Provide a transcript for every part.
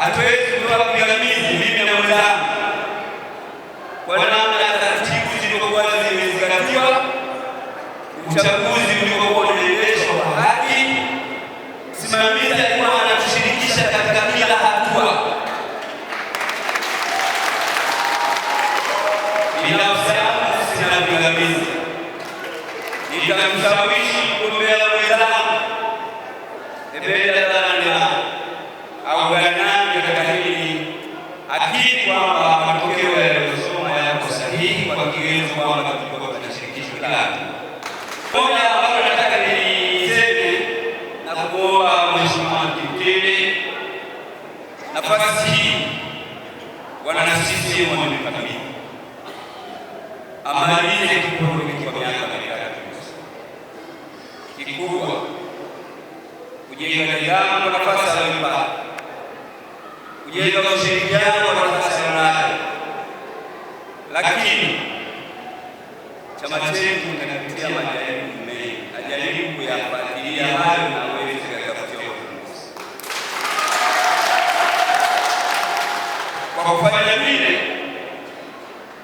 hatuwezi kutoa pingamizi mimi na mwenzangu kwa namna ya taratibu zilizokuwa zimezingatiwa, uchaguzi uliokuwa unaendeshwa kwa haki. Msimamizi alikuwa anatushirikisha katika kila hatua. Binafsi yangu sina pingamizi, nitamshawishi mwenzangu au akili kwamba matokeo yaliyosoma yako sahihi kwa kigezo kwamba tulikuwa tunashirikishwa kila moja nataka niseme na kuomba Mheshimiwa nafasi hii wana CCM wamekabidhi amalize kipindi kwa miaka mitatu kikubwa kujenga nidhamu, nafasi aliyoipata kujenga ushirikiano chama chetu kinapitia majaribu mengi, najaribu kuyafuatilia hayo na wewe kuyatafutia ufumbuzi. Kwa kufanya vile,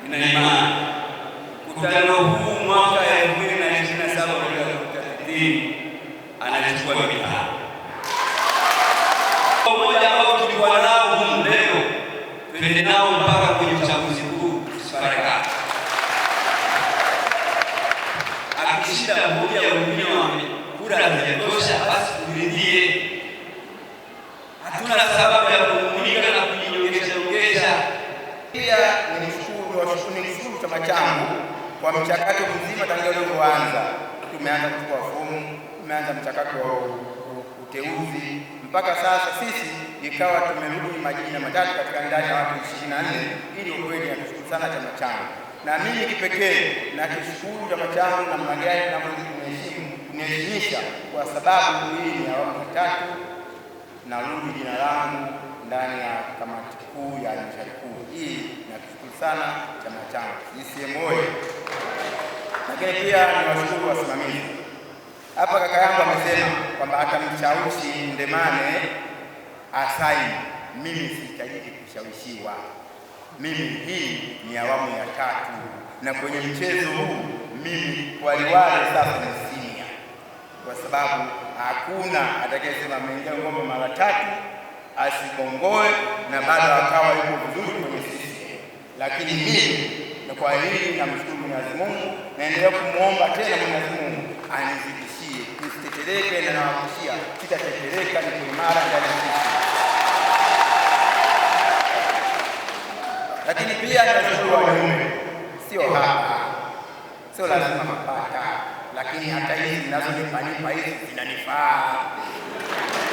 nina imani mkutano huu mwaka elfu mbili na ishirini na saba atakutafitini anachukua mipaka moja ambao tulikuwa nao humu leo, twende nao akishinda wame wengine wamekula hazijatosha, basi kuridhie. Hatuna sababu ya kuumunika na kujinyongesha ongesha. Pia nilishukuru chama changu kwa mchakato mzima tangia ulivyoanza. Tumeanza kuchukua fomu, tumeanza mchakato wa uteuzi mpaka sasa sisi ikawa tumerudi majina matatu katika ndani ya watu 24 ili ukweli. Nashukuru sana chama changu na mimi kipekee na kishukuru chama changu namna gani kuniheshimisha, kwa sababu hii ni awamu ya tatu narudi jina langu ndani ya kamati kuu ya halmashauri kuu hii. Nakishukuru sana chama changu CCM oyee! Lakini pia niwashukuru wasimamizi. Hapa kaka yangu amesema kwamba atamshawishi Ndemane asaini. Mimi sihitajiki kushawishiwa mimi hii ni awamu ya tatu, na kwenye mchezo huu mimi kwa Liwale sasa ni senior, kwa sababu hakuna atakayesema ameingia ngome mara tatu asikongoe na bado akawa yuko vizuri kwenye sisi. Lakini mimi na kwa hili namshukuru Mwenyezi Mungu, naendelea kumwomba tena Mwenyezi Mungu anizidishie, nisiteteleke, na nawakishia sitateteleka, niko imara. pia inachukua wanaume, sio hapa, sio lazima mapaka, lakini hata hizi zinazonipanipa hizi zinanifaa